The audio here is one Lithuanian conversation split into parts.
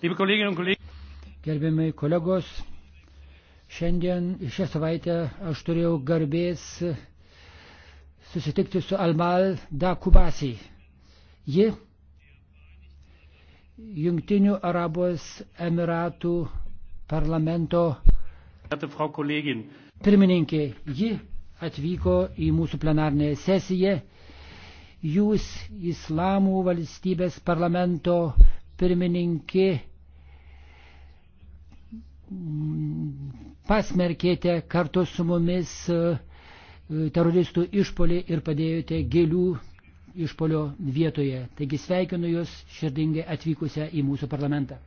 Gerbiami kolegos, šiandien šią savaitę aš turėjau garbės susitikti su Almal Dakubasi. Ji Jungtinių Arabos Emiratų parlamento pirmininkė. Ji atvyko į mūsų plenarnę sesiją. Jūs Islamų valstybės parlamento pirmininkė, pasmerkėte kartu su mumis e, teroristų išpolį ir padėjote gėlių išpolio vietoje. Taigi sveikinu Jūs širdingai atvykusią į mūsų parlamentą.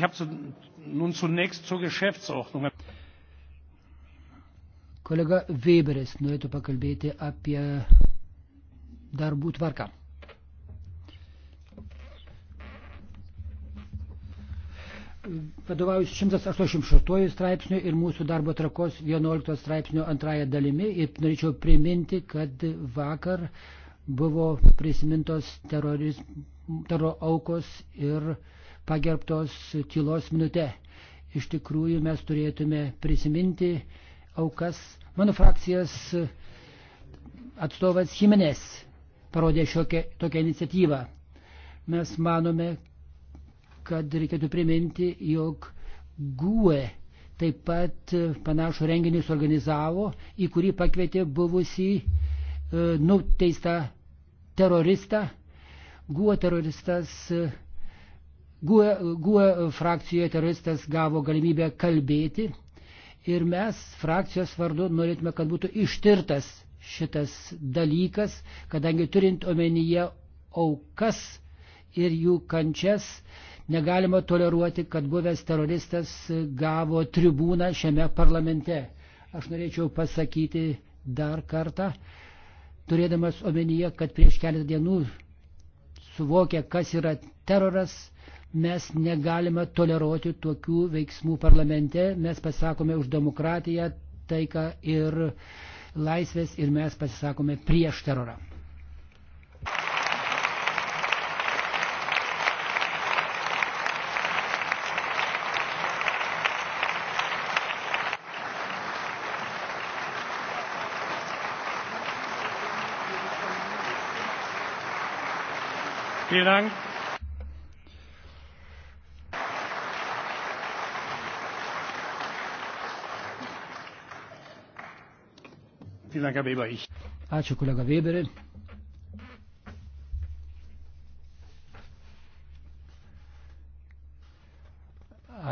Ich habe zu, nun zunächst zur Geschäftsordnung. Kolega Weberis norėtų pakalbėti apie darbų tvarką. Vadovaujus 186 straipsnių ir mūsų darbo trakos 11 straipsnių antrąją dalimi ir norėčiau priminti, kad vakar buvo prisimintos terorizm, teroro aukos ir uh, pagerbtos tylos minute. Iš tikrųjų mes turėtume prisiminti aukas. Mano frakcijos atstovas Jimenez parodė šiokią, tokią iniciatyvą. Mes manome, kad reikėtų priminti, jog GUE taip pat panašų renginį suorganizavo, į kurį pakvietė buvusį e, nuteistą teroristą. GUE teroristas e, GUE, GUE frakcijoje teroristas gavo galimybę kalbėti ir mes frakcijos vardu norėtume, kad būtų ištirtas šitas dalykas, kadangi turint omenyje aukas ir jų kančias, negalima toleruoti, kad buvęs teroristas gavo tribūną šiame parlamente. Aš norėčiau pasakyti dar kartą, turėdamas omenyje, kad prieš keletą dienų suvokė, kas yra teroras, Mes negalime toleruoti tokių veiksmų parlamente, mes pasakome už demokratiją, taiką ir laisvės ir mes pasisakome prieš terorą. Vielen Dank. Ačiū, kolega Weberi.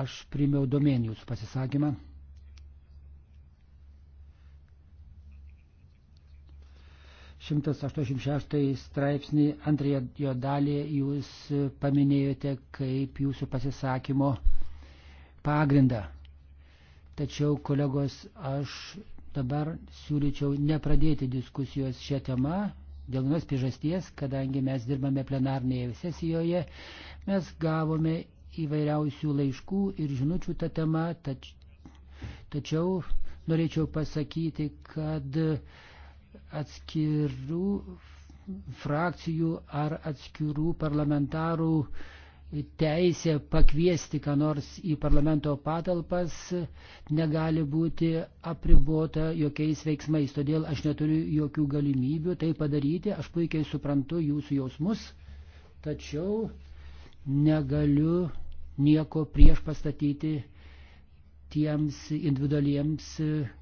Aš primiau domenį jūsų pasisakymą. Šimtas aštuoniasdešimt šeštai straipsnį antrąją jo dalį jūs paminėjote kaip jūsų pasisakymo pagrindą. Tačiau, kolegos, aš Dabar siūlyčiau nepradėti diskusijos šią temą dėl vienos priežasties, kadangi mes dirbame plenarnėje sesijoje, mes gavome įvairiausių laiškų ir žinučių tą temą, tač, tačiau norėčiau pasakyti, kad atskirų frakcijų ar atskirų parlamentarų uh, teisė pakviesti ką nors į parlamento patalpas negali būti apribota jokiais veiksmais. Todėl aš neturiu jokių galimybių tai padaryti. Aš puikiai suprantu jūsų jausmus, tačiau negaliu nieko prieš pastatyti tiems individualiems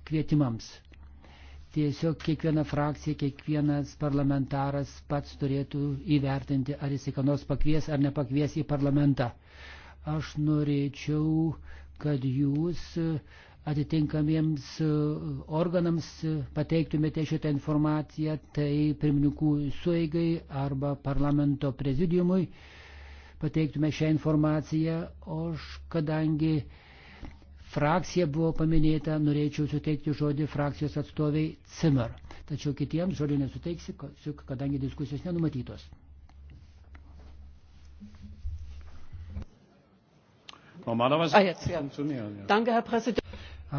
kvietimams tiesiog kiekviena frakcija, kiekvienas parlamentaras pats turėtų įvertinti, ar jis ką nors pakvies ar nepakvies į parlamentą. Aš norėčiau, kad jūs atitinkamiems organams pateiktumėte šitą informaciją, tai pirmininkų sueigai arba parlamento prezidiumui pateiktume šią informaciją, o aš kadangi frakcija buvo paminėta, norėčiau suteikti žodį frakcijos atstoviai Cimer. Tačiau kitiems žodį nesuteiksiu, kadangi diskusijos nenumatytos. Ah,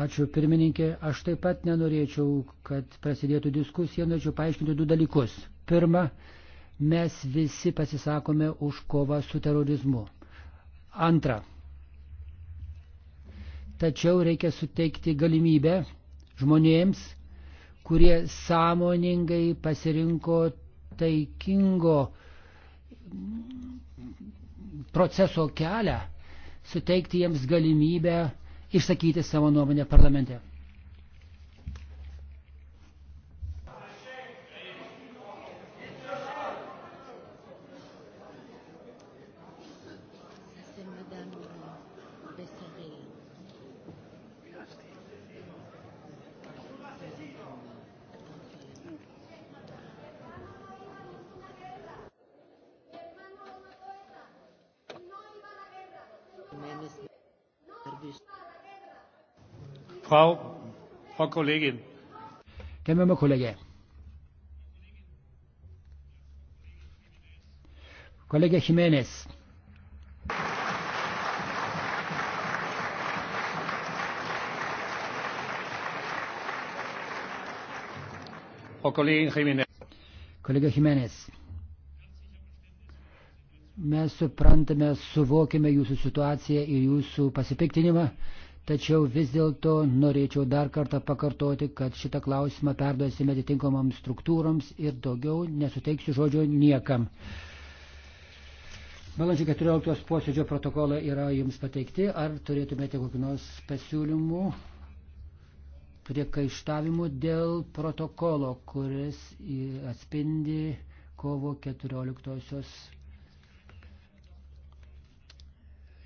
Ačiū pirmininkė. Aš taip pat nenorėčiau, kad prasidėtų diskusija, norėčiau paaiškinti du dalykus. Pirma, mes visi pasisakome už kovą su terorizmu. Antra, tačiau reikia suteikti galimybę žmonėms, kurie sąmoningai pasirinko taikingo proceso kelią, suteikti jiems galimybę išsakyti savo nuomonę parlamente. Frau, Frau Kollegin. Gerbiama kolegė. Kolegė Jimenez. Frau Kollegin Jimenez. Kollege Jimenez. Mes suprantame, suvokime jūsų situaciją ir jūsų pasipiktinimą, tačiau vis dėlto norėčiau dar kartą pakartoti, kad šitą klausimą perduosime atitinkamoms struktūroms ir daugiau nesuteiksiu žodžio niekam. Balandžio 14 posėdžio protokolai yra jums pateikti. Ar turėtumėte kokių nors pasiūlymų, priekaištavimų dėl protokolo, kuris atspindi kovo 14